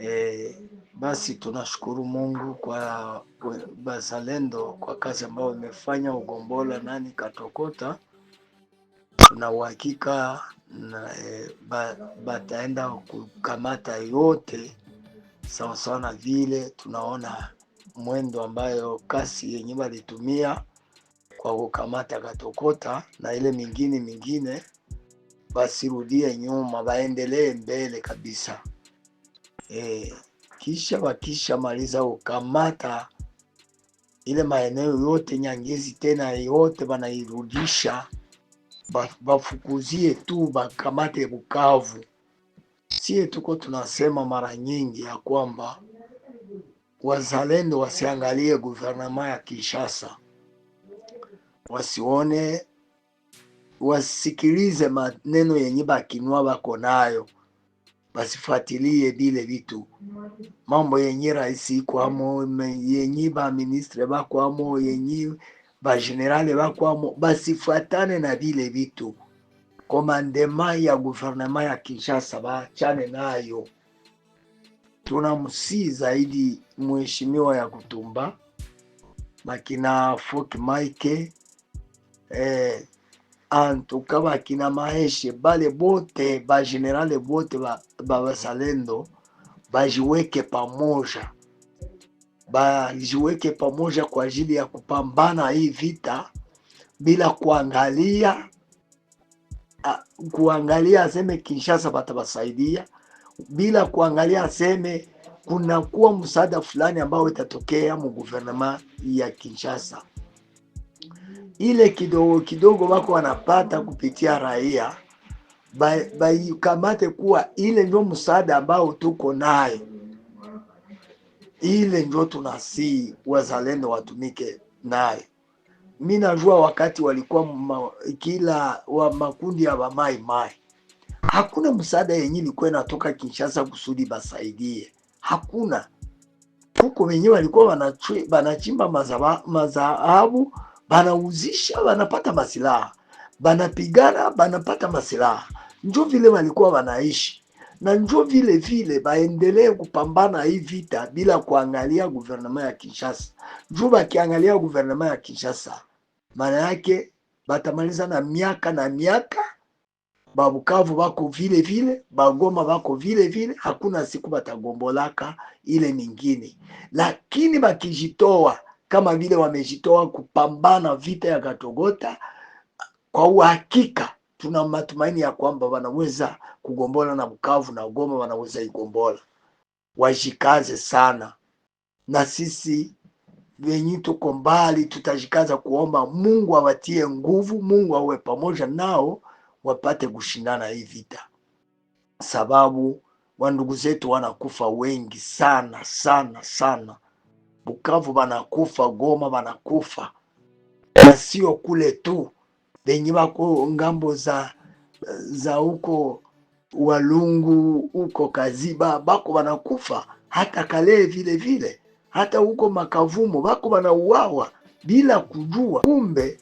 E, basi tunashukuru Mungu kwa bazalendo kwa kazi ambayo imefanya Ugombola nani Katokota. Tuna uhakika e, bataenda kukamata yote sawa, na vile tunaona mwendo ambayo kasi yenye walitumia kwa kukamata Katokota na ile mingine mingine, basirudie nyuma, baendelee mbele kabisa e, kisha maliza ukamata ile maeneo yote Nyangezi tena yote wanairudisha, bafukuzie tu bakamate Bukavu. Sie tuko tunasema mara nyingi ya kwamba wazalendo wasiangalie guvernema ya Kinshasa, wasione, wasikilize maneno yenye bakinwa bako nayo basifuatilie vile vitu mambo yenye raisi ikwamo yenye baministre bakwamo yenye bagenerale bakwamo, basifuatane na vile vitu. Komandema ya guvernema ya Kinshasa bachane nayo. Tunamsii zaidi mheshimiwa ya kutumba makina Fok Mike eh, antuka bakina maeshe bale bote bagenerale bote ba bazalendo bajiweke pamoja, bajiweke pamoja kwa ajili ya kupambana hii vita bila kuangalia kuangalia aseme Kinshasa batabasaidia bila kuangalia aseme kunakuwa msaada fulani ambao itatokea mu guvernema ya Kinshasa ile kidogo kidogo wako wanapata kupitia raia baikamate ba, kuwa ile ndio msaada ambao tuko nayo, ile ndio tunasii wazalendo watumike nayo. Mi najua wakati walikuwa ma, kila wa makundi ya wamaimai mai, hakuna msaada yenye ilikuwa inatoka Kinshasa kusudi basaidie, hakuna huko wenyewe walikuwa wanachimba mazahabu banauzisha banapata masilaha, banapigana banapata masilaha. Njo vile walikuwa wanaishi na njo vile vile baendelee kupambana hii vita bila kuangalia guvernema ya Kinshasa. Njo bakiangalia guvernema ya Kinshasa, maana yake batamaliza na miaka na miaka. Babukavu bako vile vile, Bagoma bako vile vile, hakuna siku batagombolaka ile mingine, lakini bakijitoa kama vile wamejitoa kupambana vita ya Katogota. Kwa uhakika tuna matumaini ya kwamba wanaweza kugombola na Bukavu na Goma, wanaweza igombola. Wajikaze sana, na sisi wenye tuko mbali tutajikaza kuomba Mungu awatie nguvu, Mungu awe pamoja nao wapate kushindana hii vita, sababu wandugu zetu wanakufa wengi sana sana sana. Bukavu banakufa, Goma banakufa, na sio kule tu benye bako ngambo za za huko Walungu huko Kaziba bako banakufa, hata Kalehe vile vile, hata huko Makavumo bako banauawa bila kujua. Kumbe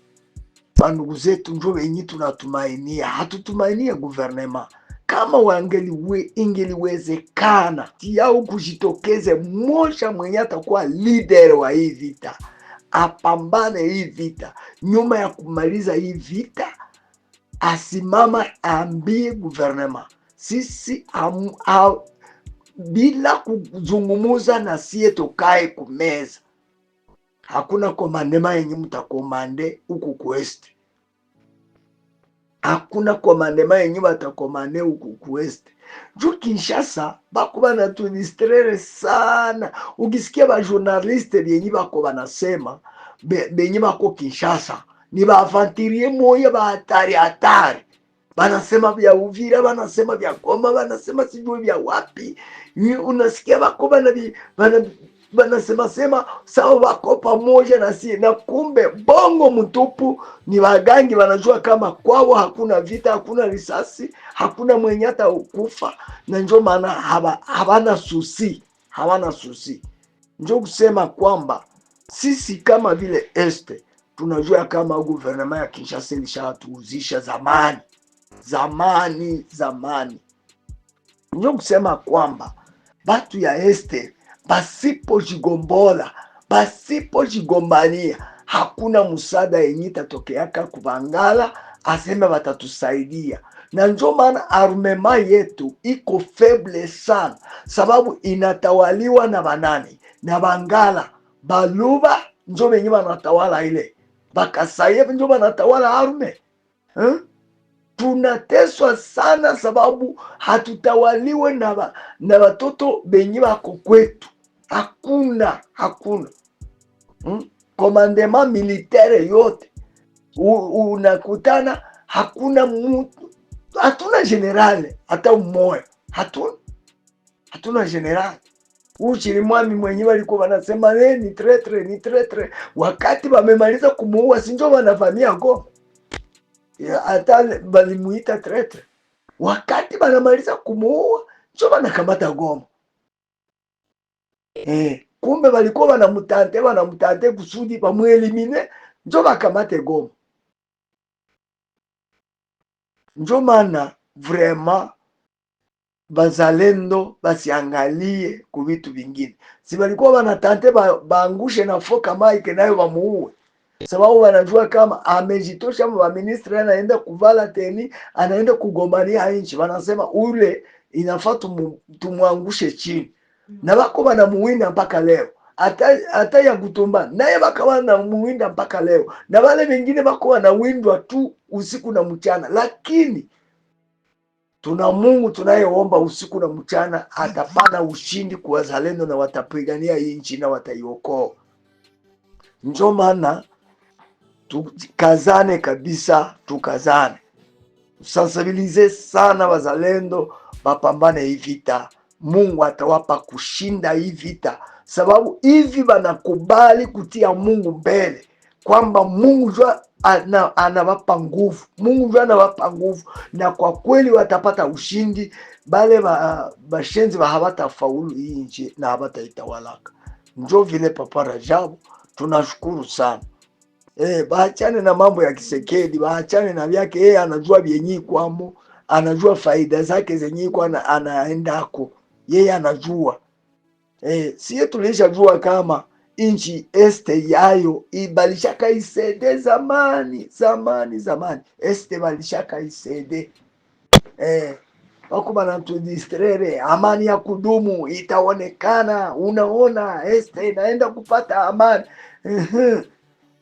bandugu zetu njo benyi tunatumainia, hatutumainia guvernema kama wangeliwe ingeliwezekana tiao kujitokeze mmoja mwenye atakuwa lider wa hii vita, apambane hii vita. Nyuma ya kumaliza hii vita, asimama aambie guvernema sisi am, a, bila kuzungumuza na sie tokae kumeza, hakuna komandema yenye mtakomande huku kuesti hakuna komandema yenye batakomane huku kuweste juu Kinshasa bako banatunistrere sana. Ukisikia bajournaliste vyenye bako banasema benye bako Kinshasa ni baavantirie moya bahatari hatari, banasema vya Uvira, banasema vya Goma, banasema sijui vya wapi. Unasikia bako bana banasema sema sawa wako pamoja na si na kumbe bongo mtupu. Ni wagangi wanajua kama kwao hakuna vita, hakuna risasi, hakuna mwenye hata ukufa, na njo maana haba, susi hawana susi. Njo kusema kwamba sisi kama vile este tunajua kama guvernema ya Kinshasa ilishatuuzisha zamani zamani zamani. Njo kusema kwamba batu ya este pasipojigombola, pasipojigombania, hakuna msaada yenye tatokeaka kuvangala aseme watatusaidia na njo maana armema yetu iko feble sana, sababu inatawaliwa na banani na Bangala Baluba njo benye banatawala ile bakasaye njo banatawala arme hmm? Tunateswa sana sababu hatutawaliwe na watoto benye bako kwetu hakuna hakuna hmm? komandema militere yote unakutana hakuna mtu, hatuna generale hata mmoja, hatuna hatuna generale mwami mwenye walikuwa wanasema hey, eh, ni tretre ni tretre, wakati wamemaliza kumuua, sinjo wanavamia Goma, hata walimuita tretre, wakati wanamaliza kumuua njo wanakamata Goma. Eh, kumbe balikuwa banamutante banamutante kusudi bamwelimine njo bakamate Goma. Njo maana vraiment bazalendo basiangalie ku vitu vingine, si balikuwa banatante baangushe na foka Mike nayo bamuue, sababu wanajua kama amejitosha. Maministre anaenda kuvala teni, anaenda kugombania nchi, wanasema ule inafaa tumwangushe chini na bako muwinda mpaka leo hata ya kutomba naye baka muwinda mpaka leo, na wale wengine bako wanawindwa tu usiku na mchana, lakini tuna Mungu tunayeomba usiku na mchana, atapana ushindi kwa wazalendo na watapigania hii nchi na wataiokoa. Njo maana tukazane kabisa, tukazane, tusasabilize sana wazalendo, bapambane hii vita. Mungu atawapa kushinda hii vita, sababu hivi wanakubali kutia Mungu mbele, kwamba Mungu jua ana, anawapa nguvu, Mungu jua anawapa nguvu, na kwa kweli watapata ushindi. Bale bashenzi ba, ba hawatafaulu hii nchi na hawataitawalaka. Njo vile Papa Rajabu, tunashukuru sana eh, baachane na mambo ya kisekedi, baachane na vyake. Yeye anajua vyenyi kwamo, anajua faida zake zenyi kwa anaendako yeye anajua e, sie tulishajua kama inchi este yayo ibalishaka isede zamani zamani zamani, este balishaka isede e, eh, wakubanatudistrere amani ya kudumu itaonekana. Unaona este inaenda kupata amani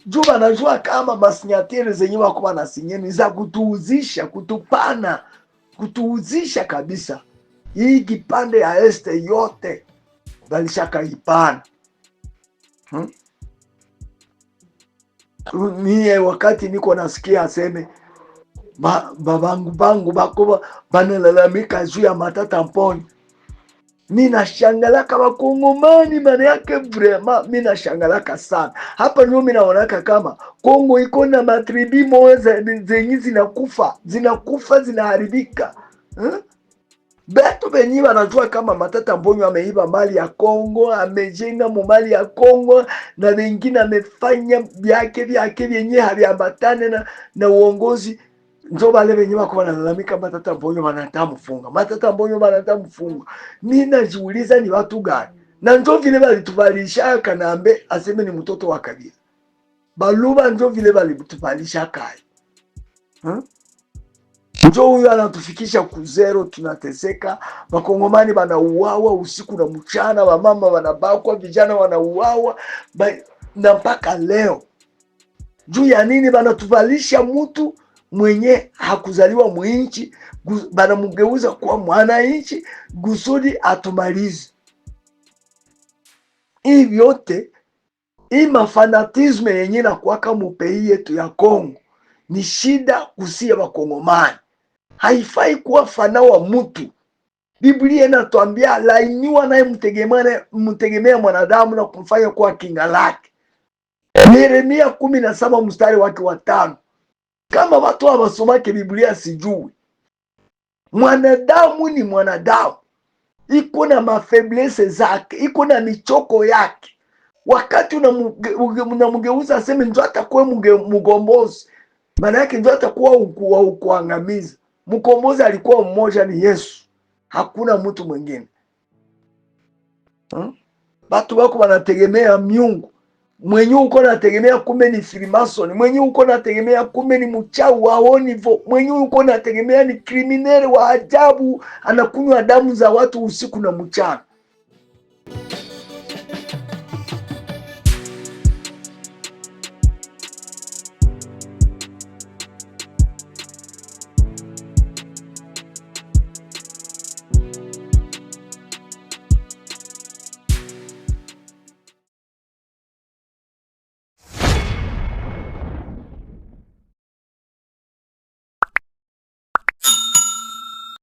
juu banajua kama masinyatiri zenye wakuba na sinyeni za kutuuzisha, kutupana, kutuuzisha kabisa hii kipande ya este yote walishakaipana hmm? Mie wakati niko nasikia aseme babangu bangu bako banalalamika juu ya Matata Mponi, mi nashangalaka Wakongomani, maana yake vrema mi nashangalaka sana. Hapa ndio mi kama Kongo iko na matribi moja zenyi zinakufa zinakufa zinaharibika hmm? Betu benyi banajua kama Matata Mbonyo ameiba mali ya Kongo, amejenga mumali ya Kongo na bengine amefanya byake byake vyenye haviambatane na, na uongozi njo bale benye bako banalalamika Matata Mbonyo banatamfunga, Matata Mbonyo banatamfunga. Mimi najiuliza ni watu gani? Na njo vile balituvalisha Kanambe aseme ni mtoto wa kabila. Baluba njo vile balituvalisha kai. Hmm? Njo huyu anatufikisha kuzero, tunateseka. Makongomani wanauawa usiku na mchana, wamama wanabakwa, vijana wanauawa na mpaka leo. Juu ya nini banatuvalisha mutu mwenye hakuzaliwa mwinchi, banamugeuza kuwa mwananchi gusudi atumalize hii vyote. Hii mafanatisme yenye nakwaka mupei yetu ya Kongo ni shida kusia Wakongomani haifai kuwa fana wa mtu. Biblia inatuambia lainiwa naye mtegemea mwanadamu na kumfanya kuwa kinga lake. Yeremia kumi na saba mstari wake wa tano. Kama watu hawasomake Biblia sijui. Mwanadamu ni mwanadamu, iko na mafeblese zake, iko na michoko yake. Wakati unamgeuza aseme ndio atakuwa mgombozi, maana yake ndio atakuwa ukuangamiza Mkombozi alikuwa mmoja, ni Yesu, hakuna mtu mwingine hmm? Batu wako wanategemea miungu mwenye uko nategemea, kumbe ni Freemason. Mwenye uko nategemea, kumbe ni mchawi wa Onivo. Mwenye uko nategemea ni kriminali wa ajabu, anakunywa damu za watu usiku na mchana.